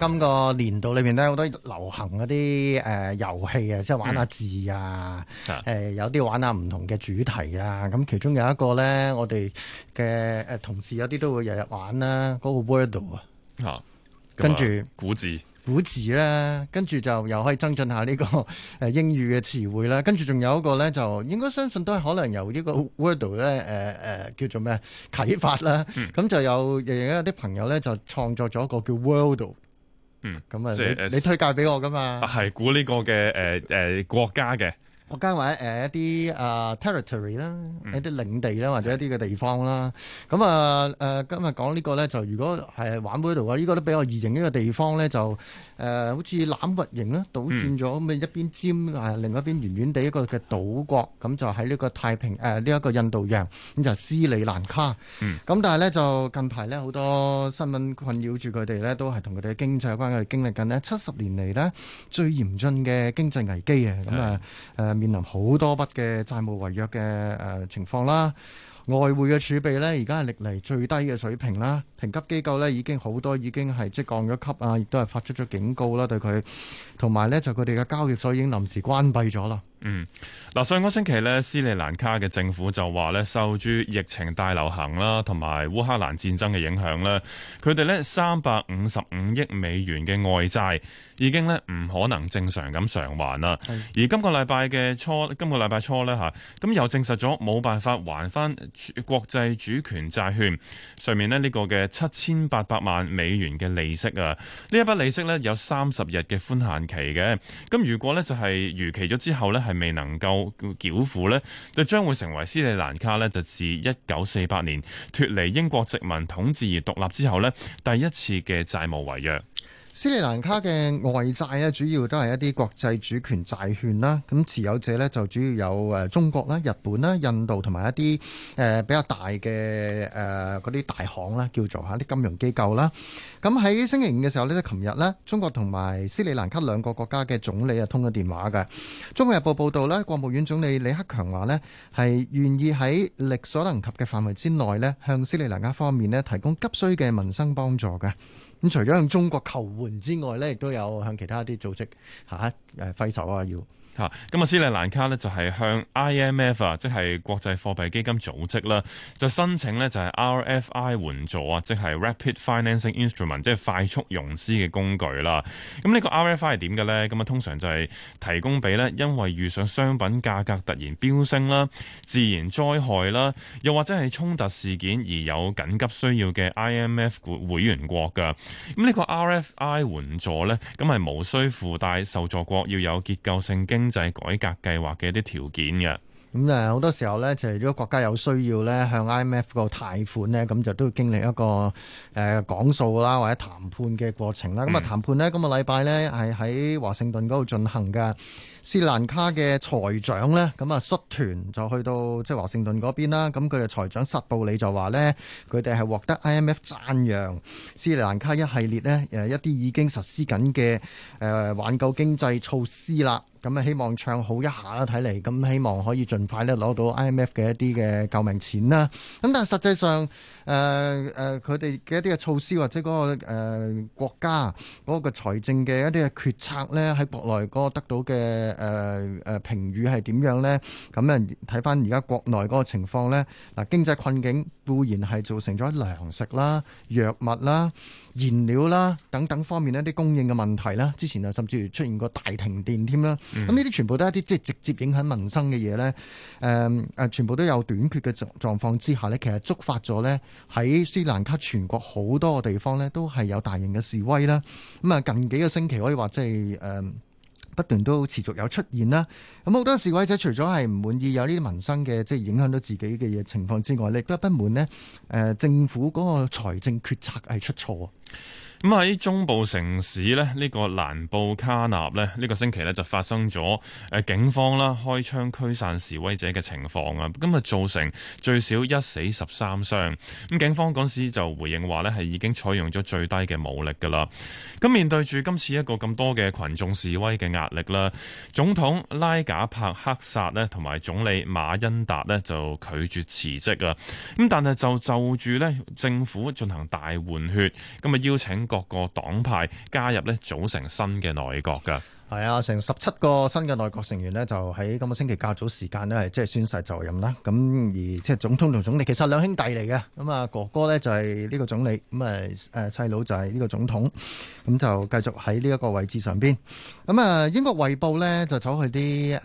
今個年度裏邊咧，好多流行嗰啲誒遊戲啊，即係玩下字啊，誒、嗯呃、有啲玩下唔同嘅主題啊。咁其中有一個咧，我哋嘅誒同事有啲都會日日玩啦，嗰、那個 Wordle，啊，嗯、跟住著、啊、古字古字咧，跟住就又可以增進下呢個誒英語嘅詞彙啦。跟住仲有一個咧，就應該相信都係可能由呢個 Wordle 咧，誒、呃、誒、呃、叫做咩啟發啦。咁、嗯、就有而家啲朋友咧，就創作咗個叫 World。嗯，咁啊，你即係你推介俾我噶嘛？係估呢個嘅，誒、呃、誒、呃，國家嘅。國家或者誒一啲啊 territory 啦，一啲領地啦，或者一啲嘅地方啦。咁啊誒，今日講呢個咧，就如果係玩杯度啊，呢個都比較異形一個地方咧，就誒好似欖核形啦，倒轉咗咁啊，一邊尖啊，另一邊圓圓地一個嘅島國，咁就喺呢個太平誒呢一個印度洋，咁就斯里蘭卡。嗯，咁但係咧就近排咧好多新聞困擾住佢哋咧，都係同佢哋嘅經濟有關，佢哋經歷緊咧七十年嚟咧最嚴峻嘅經濟危機嘅咁啊誒。面臨好多筆嘅債務違約嘅誒情況啦。外匯嘅儲備呢，而家係歷嚟最低嘅水平啦。評級機構呢，已經好多已經係即降咗級啊，亦都係發出咗警告啦，對佢同埋呢，就佢哋嘅交易所已經臨時關閉咗啦。嗯，嗱，上個星期呢，斯里蘭卡嘅政府就話呢，受住疫情大流行啦，同埋烏克蘭戰爭嘅影響啦，佢哋呢三百五十五億美元嘅外債已經呢唔可能正常咁償還啦。而今個禮拜嘅初，今個禮拜初呢，吓，咁又證實咗冇辦法還返，國際主權債券上面呢個嘅七千八百萬美元嘅利息啊，呢一筆利息呢，有三十日嘅寬限期嘅，咁如果呢就係逾期咗之後呢，係未能夠繳付呢，就將會成為斯里蘭卡呢，就自一九四八年脫離英國殖民統治而獨立之後呢，第一次嘅債務違約。斯里蘭卡嘅外債咧，主要都係一啲國際主權債券啦。咁持有者咧，就主要有誒中國啦、日本啦、印度同埋一啲誒比較大嘅誒嗰啲大行啦，叫做吓啲金融機構啦。咁喺星期五嘅時候呢，喺琴日呢，中國同埋斯里蘭卡兩個國家嘅總理啊通咗電話嘅。《中國日報》報道呢，國務院總理李克強話呢，係願意喺力所能及嘅範圍之內呢，向斯里蘭卡方面呢提供急需嘅民生幫助嘅。咁除咗向中國求援之外咧，亦都有向其他啲組織吓誒揮手啊要。吓，咁啊斯里蘭卡咧就係向 IMF 啊，即係國際貨幣基金組織啦，就申請咧就係 RFI 援助啊，即係 rapid financing instrument，即係快速融資嘅工具啦。咁呢個 RFI 係點嘅咧？咁啊通常就係提供俾咧，因為遇上商品價格突然飆升啦、自然災害啦，又或者係衝突事件而有緊急需要嘅 IMF 會員國㗎。咁呢個 RFI 援助咧，咁係無需附帶受助國要有結構性經經濟改革計劃嘅一啲條件嘅，咁誒好多時候咧，就係如果國家有需要咧，向 IMF 個貸款咧，咁就都要經歷一個誒講數啦，或者談判嘅過程啦。咁啊談判咧，今個禮拜咧係喺華盛頓嗰度進行㗎。斯里蘭卡嘅財長咧，咁啊率團就去到即係華盛頓嗰邊啦。咁佢嘅財長薩布里就話咧，佢哋係獲得 IMF 讚揚斯里蘭卡一系列咧一啲已經實施緊嘅誒挽救經濟措施啦。咁啊希望唱好一下啦，睇嚟咁希望可以盡快咧攞到 IMF 嘅一啲嘅救命錢啦。咁但係實際上誒佢哋嘅一啲嘅措施或者嗰、那個誒、呃、國家嗰個財政嘅一啲嘅決策咧，喺國內嗰個得到嘅。誒誒評語係點樣咧？咁咧睇翻而家國內個情況咧，嗱，經濟困境固然係造成咗糧食啦、藥物啦、燃料啦等等方面咧啲供應嘅問題啦。之前啊，甚至出現過大停電添啦。咁呢啲全部都係一啲即係直接影響民生嘅嘢咧。誒、呃、誒，全部都有短缺嘅狀狀況之下咧，其實觸發咗咧喺斯里蘭卡全國好多個地方咧，都係有大型嘅示威啦。咁啊，近幾個星期可以話即係誒。呃不斷都持續有出現啦，咁好多示威者除咗係唔滿意有呢啲民生嘅即係影響到自己嘅嘢情況之外，亦都不滿呢誒、呃、政府嗰個財政決策係出錯。咁喺中部城市咧，呢、這個蘭布卡納咧，呢、這個星期咧就發生咗誒警方，啦開槍驅散示威者嘅情況啊，咁啊造成最少一死十三傷。咁警方嗰時就回應話咧係已經採用咗最低嘅武力噶啦。咁面對住今次一個咁多嘅群眾示威嘅壓力啦，總統拉賈帕克薩咧同埋總理馬恩達咧就拒絕辭職啊。咁但係就就住咧政府進行大換血，咁啊邀請。各個黨派加入咧，組成新嘅內閣噶。係啊，成十七個新嘅內閣成員咧，就喺今個星期較早時間咧，係即係宣誓就任啦。咁而即係總統同總理，其實兩兄弟嚟嘅。咁啊，哥哥咧就係呢個總理，咁啊，誒細佬就係呢個總統。咁就繼續喺呢一個位置上邊。咁啊，英國《衛報》咧就走去啲誒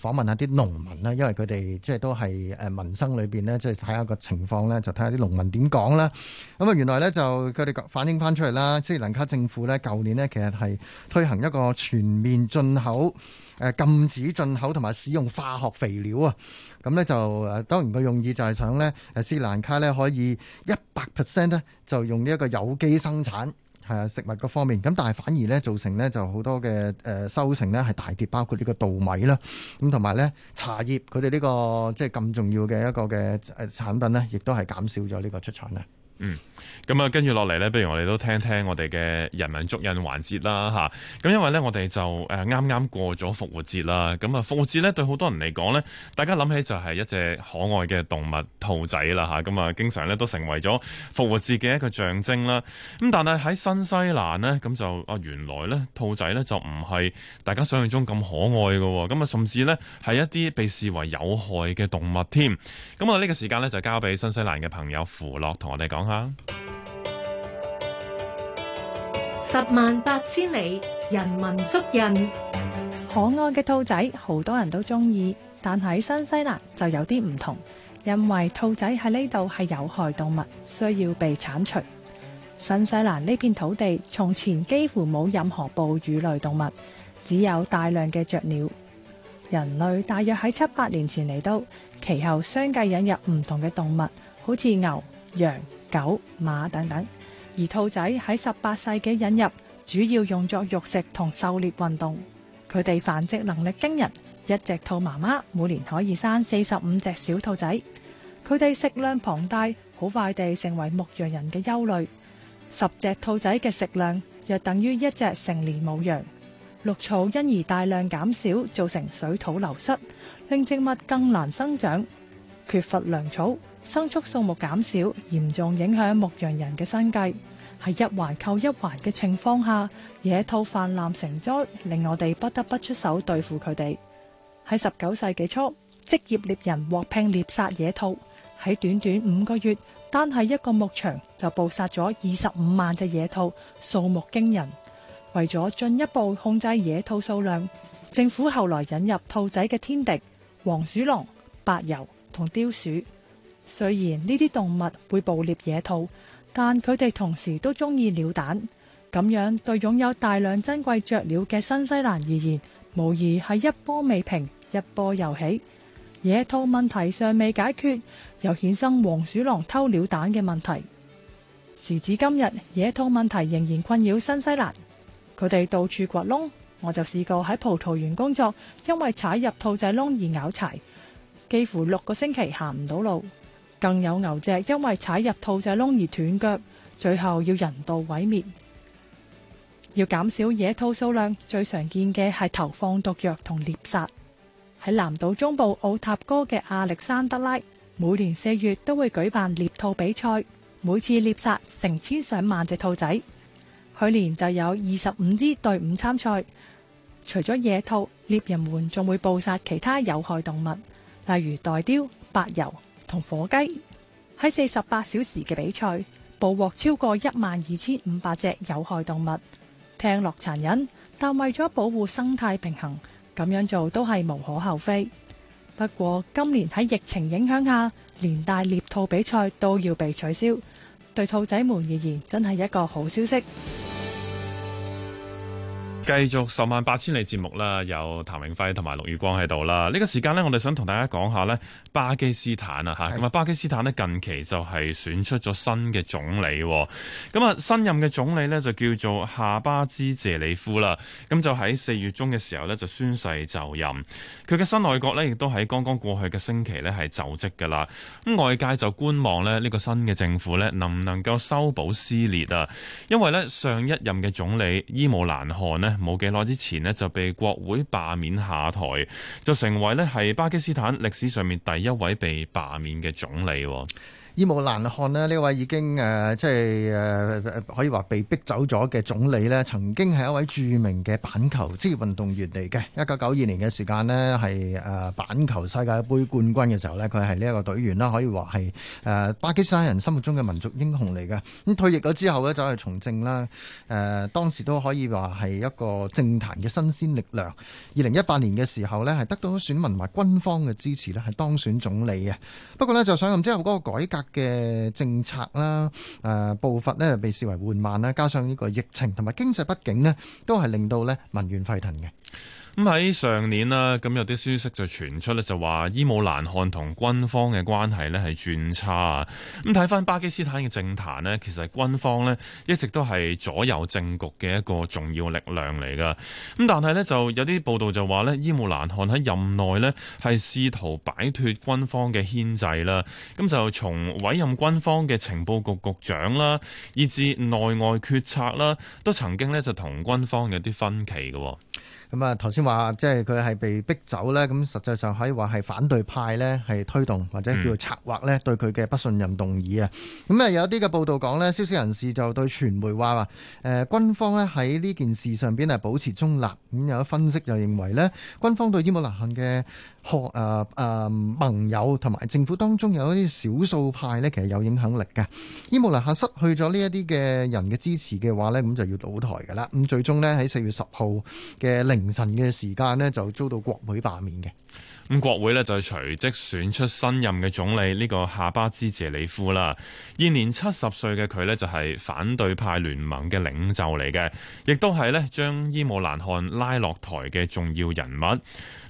訪問下啲農民啦，因為佢哋即係都係誒民生裏邊咧，即係睇下個情況咧，就睇下啲農民點講啦。咁啊，原來咧就佢哋反映翻出嚟啦，即係斯里蘭卡政府咧，舊年咧其實係推行一個全面進口，誒禁止進口同埋使用化學肥料啊！咁咧就誒，當然個用意就係想咧，斯蘭卡咧可以一百 percent 咧就用呢一個有機生產係啊食物個方面。咁但係反而咧造成咧就好多嘅誒收成咧係大跌，包括呢個稻米啦，咁同埋咧茶葉佢哋呢個即係咁重要嘅一個嘅誒產品咧，亦都係減少咗呢個出產啊！嗯，咁啊，跟住落嚟咧，不如我哋都聽聽我哋嘅人文足印環節啦，吓、啊，咁因為咧，我哋就誒啱啱過咗復活節啦，咁啊，復活節咧、啊、對好多人嚟講咧，大家諗起就係一隻可愛嘅動物兔仔啦，吓、啊，咁啊，經常咧都成為咗復活節嘅一個象徵啦。咁、啊、但係喺新西蘭咧，咁就啊，原來咧兔仔咧就唔係大家想象中咁可愛嘅，咁啊，甚至咧係一啲被視為有害嘅動物添。咁啊，呢個時間咧就交俾新西蘭嘅朋友符樂同我哋講。十萬八千里，人文足印。可愛嘅兔仔，好多人都中意。但喺新西蘭就有啲唔同，因為兔仔喺呢度係有害動物，需要被鏟除。新西蘭呢片土地從前幾乎冇任何哺乳類動物，只有大量嘅雀鳥。人類大約喺七八年前嚟到，其後相繼引入唔同嘅動物，好似牛、羊。狗、馬等等，而兔仔喺十八世紀引入，主要用作肉食同狩獵運動。佢哋繁殖能力驚人，一隻兔媽媽每年可以生四十五隻小兔仔。佢哋食量龐大，好快地成為牧羊人嘅憂慮。十隻兔仔嘅食量約等於一隻成年母羊。綠草因而大量減少，造成水土流失，令植物更難生長，缺乏糧草。生畜數目減少，嚴重影響牧羊人嘅生計。喺一環扣一環嘅情況下，野兔泛濫成災，令我哋不得不出手對付佢哋。喺十九世紀初，職業獵人獲聘獵殺野兔，喺短短五個月，單係一個牧場就捕殺咗二十五萬隻野兔，數目驚人。為咗進一步控制野兔數量，政府後來引入兔仔嘅天敵黃鼠狼、白油同雕鼠。雖然呢啲動物會捕獵野兔，但佢哋同時都中意鳥蛋，咁樣對擁有大量珍貴雀鳥嘅新西蘭而言，無疑係一波未平一波又起。野兔問題尚未解決，又衍生黃鼠狼偷鳥蛋嘅問題。時至今日，野兔問題仍然困擾新西蘭。佢哋到處掘窿，我就試過喺葡萄園工作，因為踩入兔仔窿而咬柴，幾乎六個星期行唔到路。更有牛隻因為踩入兔仔窿而斷腳，最後要人道毀滅。要減少野兔數量，最常見嘅係投放毒藥同獵殺。喺南島中部奧塔哥嘅亞歷山德拉，每年四月都會舉辦獵兔比賽，每次獵殺成千上萬隻兔仔。去年就有二十五支隊伍參賽。除咗野兔，獵人們仲會捕殺其他有害動物，例如袋雕、白油，同火雞喺四十八小時嘅比賽，捕獲超過一萬二千五百隻有害動物。聽落殘忍，但為咗保護生態平衡，咁樣做都係無可厚非。不過今年喺疫情影響下，連大獵兔比賽都要被取消，對兔仔們而言真係一個好消息。繼續十萬八千里節目啦，有譚永輝同埋盧宇光喺度啦。呢、這個時間呢，我哋想同大家講一下巴基斯坦啊吓，咁啊的巴基斯坦近期就係選出咗新嘅總理，咁啊新任嘅總理呢，就叫做夏巴茲謝里夫啦。咁就喺四月中嘅時候呢，就宣誓就任，佢嘅新內閣呢，亦都喺剛剛過去嘅星期呢，係就職噶啦。咁外界就觀望呢，呢個新嘅政府呢，能唔能夠修補撕裂啊？因為呢，上一任嘅總理伊姆蘭汗呢。冇幾耐之前呢，就被國會罷免下台，就成為咧係巴基斯坦歷史上面第一位被罷免嘅總理。伊姆蘭漢呢，呢位已經誒、呃、即係誒、呃、可以話被逼走咗嘅總理咧，曾經係一位著名嘅板球職業運動員嚟嘅。一九九二年嘅時間咧，係、呃、誒板球世界杯冠軍嘅時候咧，佢係呢一個隊員啦，可以話係誒巴基斯坦人心目中嘅民族英雄嚟嘅。咁退役咗之後咧，就去從政啦。誒、呃、當時都可以話係一個政壇嘅新鮮力量。二零一八年嘅時候咧，係得到選民同埋軍方嘅支持咧，係當選總理嘅。不過咧，就想任之後嗰個改革。嘅政策啦，誒、啊、步伐呢被視為緩慢啦，加上呢個疫情同埋經濟不景呢，都係令到咧民怨沸騰嘅。咁喺上年啦，咁有啲消息就傳出咧，就話伊姆蘭汗同軍方嘅關係咧係轉差啊。咁睇翻巴基斯坦嘅政壇咧，其實軍方咧一直都係左右政局嘅一個重要力量嚟噶。咁但係咧就有啲報道就話咧，伊姆蘭汗喺任內咧係試圖擺脫軍方嘅牽制啦。咁就從委任軍方嘅情報局局長啦，以至內外決策啦，都曾經咧就同軍方有啲分歧嘅。咁啊，頭先。話即係佢係被逼走呢，咁實際上可以話係反對派呢，係推動或者叫做策劃呢，對佢嘅不信任動議啊。咁啊、嗯、有啲嘅報道講呢，消息人士就對傳媒話話誒軍方呢喺呢件事上邊係保持中立。咁有分析就認為呢，軍方對伊姆蘭行嘅。學誒誒盟友同埋政府當中有一啲少數派呢，其實有影響力嘅。伊姆蘭汗失去咗呢一啲嘅人嘅支持嘅話呢，咁就要倒台嘅啦。咁最終呢，喺四月十號嘅凌晨嘅時間呢，就遭到國會罷免嘅。咁國會呢，就隨即選出新任嘅總理呢個夏巴茲謝里夫啦。現年七十歲嘅佢呢，就係反對派聯盟嘅領袖嚟嘅，亦都係呢將伊姆蘭汗拉落台嘅重要人物。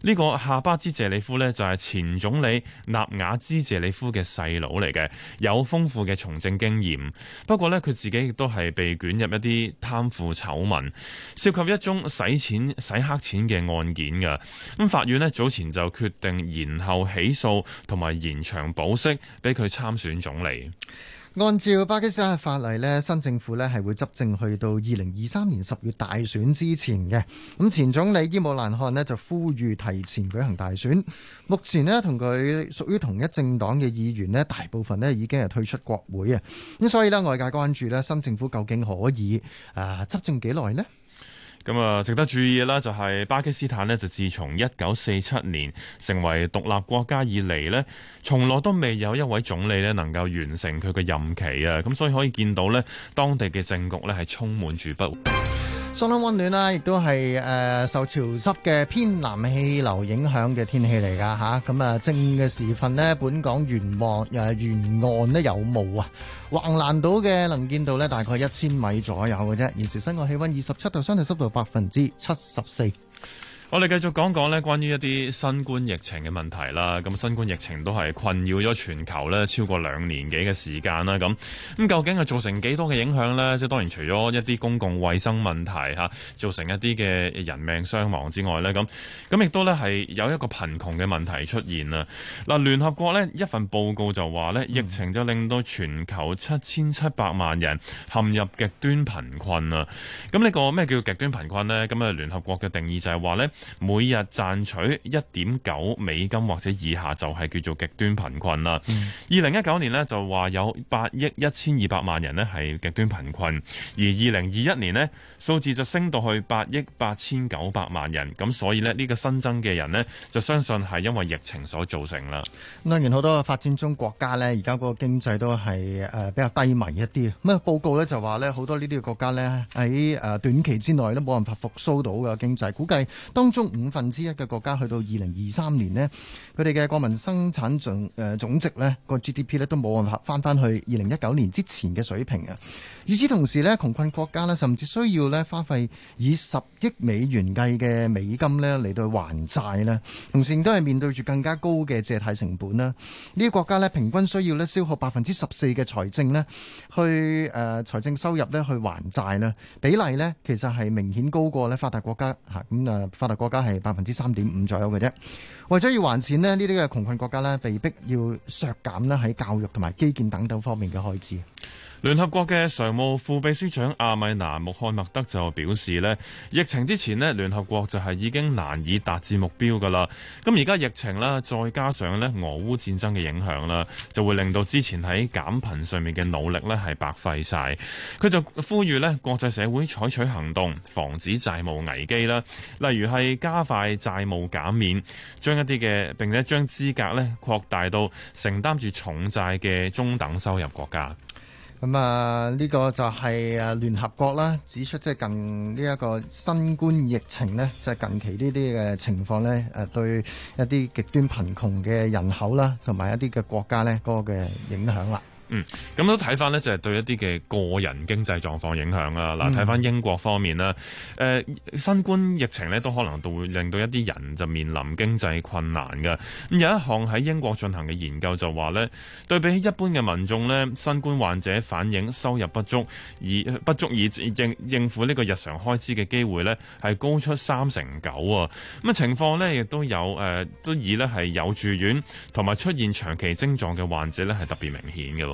呢個夏巴茲謝謝里夫呢，就係前總理納瓦茲謝里夫嘅細佬嚟嘅，有豐富嘅從政經驗。不過呢，佢自己亦都係被捲入一啲貪腐醜聞，涉及一宗洗錢、洗黑錢嘅案件嘅。咁法院呢，早前就決定延後起訴，同埋延長保釋，俾佢參選總理。按照巴基斯坦嘅法例咧，新政府咧係會執政去到二零二三年十月大選之前嘅。咁前總理伊姆蘭汗呢，就呼籲提前舉行大選。目前呢，同佢屬於同一政黨嘅議員呢，大部分呢，已經係退出國會啊。咁所以呢，外界關注呢，新政府究竟可以啊執政幾耐呢？咁啊，值得注意嘅啦，就係巴基斯坦呢，就自從一九四七年成為獨立國家以嚟呢，從來都未有一位總理呢能夠完成佢嘅任期啊！咁所以可以見到呢，當地嘅政局呢，係充滿住不。相當溫暖啦，亦都係誒、呃、受潮濕嘅偏南氣流影響嘅天氣嚟㗎嚇。咁啊，正午嘅時分呢，本港沿、呃、岸又係沿岸咧有霧啊。橫瀾島嘅能見度呢，大概一千米左右嘅啫。現時室外氣溫二十七度，相對濕度百分之七十四。我哋繼續講講咧，關於一啲新冠疫情嘅問題啦。咁新冠疫情都係困擾咗全球咧超過兩年幾嘅時間啦。咁咁究竟係造成幾多嘅影響呢？即係當然除咗一啲公共衛生問題吓，造成一啲嘅人命傷亡之外咧，咁咁亦都咧係有一個貧窮嘅問題出現啊。嗱，聯合國呢一份報告就話咧，疫情就令到全球七千七百萬人陷入極端貧困啊。咁呢個咩叫極端貧困呢？咁啊，聯合國嘅定義就係話咧。每日賺取一點九美金或者以下就係叫做極端貧困啦。二零一九年呢，就話有八億一千二百萬人呢係極端貧困，而二零二一年呢，數字就升到去八億八千九百萬人。咁所以呢，呢個新增嘅人呢，就相信係因為疫情所造成啦。當然好多發展中國家呢，而家嗰個經濟都係誒比較低迷一啲。咁啊，報告咧就話呢，好多呢啲嘅國家呢，喺誒短期之內都冇辦法復甦到嘅經濟，估計當中，中五分之一嘅國家去到二零二三年咧，佢哋嘅國民生產總誒、呃、總值咧個 GDP 咧都冇辦法翻返去二零一九年之前嘅水平啊！與此同時咧，窮困國家咧甚至需要咧花費以十億美元計嘅美金咧嚟到還債咧，同時亦都係面對住更加高嘅借貸成本啦。呢啲國家咧平均需要咧消耗百分之十四嘅財政咧去誒啊、財政收入咧去還債啦，比例咧其實係明顯高過咧發達國家吓，咁啊發達。國家係百分之三點五左右嘅啫，為咗要還錢呢，呢啲嘅窮困國家咧，被迫要削減喇喺教育同埋基建等等方面嘅開支。聯合國嘅常務副秘書長阿米娜·穆罕默德就表示呢，疫情之前呢，聯合國就係已經難以達至目標噶啦。咁而家疫情啦，再加上呢俄烏戰爭嘅影響啦，就會令到之前喺減貧上面嘅努力呢係白費晒。佢就呼籲呢，國際社會採取行動，防止債務危機啦，例如係加快債務減免，將一啲嘅，並且將資格呢擴大到承擔住重債嘅中等收入國家。咁啊，呢個就係啊聯合國啦，指出即係近呢一個新冠疫情咧，即係近期呢啲嘅情況咧，誒對一啲極端貧窮嘅人口啦，同埋一啲嘅國家咧，個嘅影響啦。嗯，咁都睇翻咧，就係、是、對一啲嘅個人經濟狀況影響啦。嗱，睇翻英國方面啦，誒、呃，新冠疫情咧都可能都會令到一啲人就面臨經濟困難嘅。咁、嗯、有一項喺英國進行嘅研究就話咧，對比起一般嘅民眾咧，新冠患者反映收入不足而不足以應應付呢個日常開支嘅機會咧，係高出三成九啊、嗯。咁啊情況咧亦都有誒、呃，都以咧係有住院同埋出現長期症狀嘅患者咧係特別明顯嘅咯。